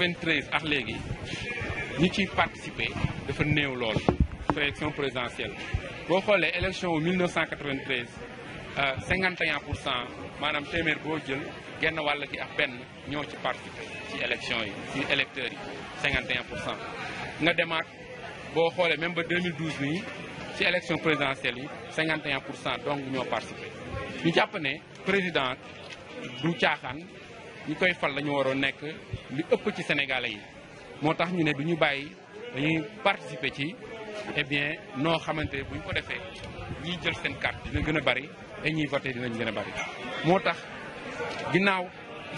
1993, 1993, nous avons participé à dafa élection présidentielle Si l'élection élection 1993 51 Mme cent maanaam qui n'a jël participé à l'élection, 51 pour même en 2012 l'élection présidentielle 51 donc ñoo participer participé. président du ñi koy fal dañu waroon nekk li ëpp ci sénégalais yi moo tax ñu ne du ñu bàyyi dañuy participer ci eh bien noo xamante bu ñu ko defee ñiy jël seen carte dina gën a bari et ñiy voté dinañ gën a bari. moo tax ginnaaw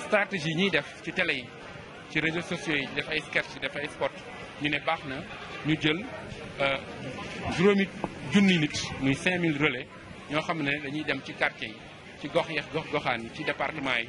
stratégie ñuy def ci télé yi ci réseaux sociaux yi def ay sketch def ay sport ñu ne baax na ñu jël euh, juróomi junni nit muy 5000 relais ñoo xam ne dañuy dem ci quartier yi ci gox yeex gox goxaan yi ci département yi.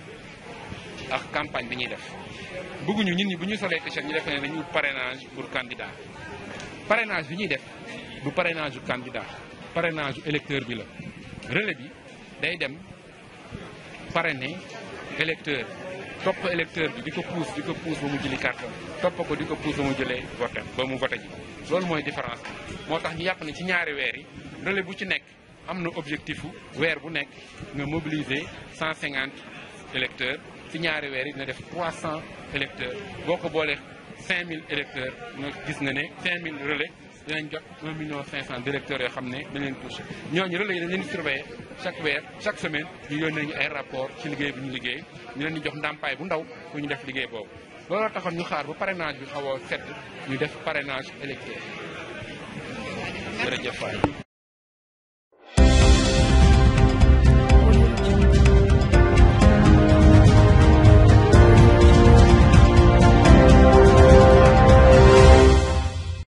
ak campagne bi ñuy def bëgguñu nit ñi bu ñu solee t ñu def ne dañuy parrainage pour candidat parrainage bi ñuy def du parrainage candidat parrainage électeur bi la relais bi day dem parrainer électeur topp électeur bi di ko puus di ko puus ba mu jëli carte topp ko di ko puus ba mu jëlee vote ba mu vote ji loolu mooy différence bi moo tax ñu yàpp ne ci ñaari weer yi relais bu ci nekk am na objectif weer bu nekk nga mobiliser 150 électeurs si ñaari weer yi dina def 300 électeurs boo ko boolee 5000 électeurs nga gis na ne 5000 relais dinañ jot 1 million 500 directeurs électeurs yoo xam ne dañ leen touché ñooñu relais yi dañ leen surveiller chaque weer chaque semaine ñu yónnee ñu ay rapport ci liggéey bu ñu liggéey ñu leen di jox ndàmpaay bu ndaw pour ñu def liggéey boobu. looloo taxoon ñu xaar ba parrainage bi xaw a sedd ñu def parrainage électeur jërëjëf waay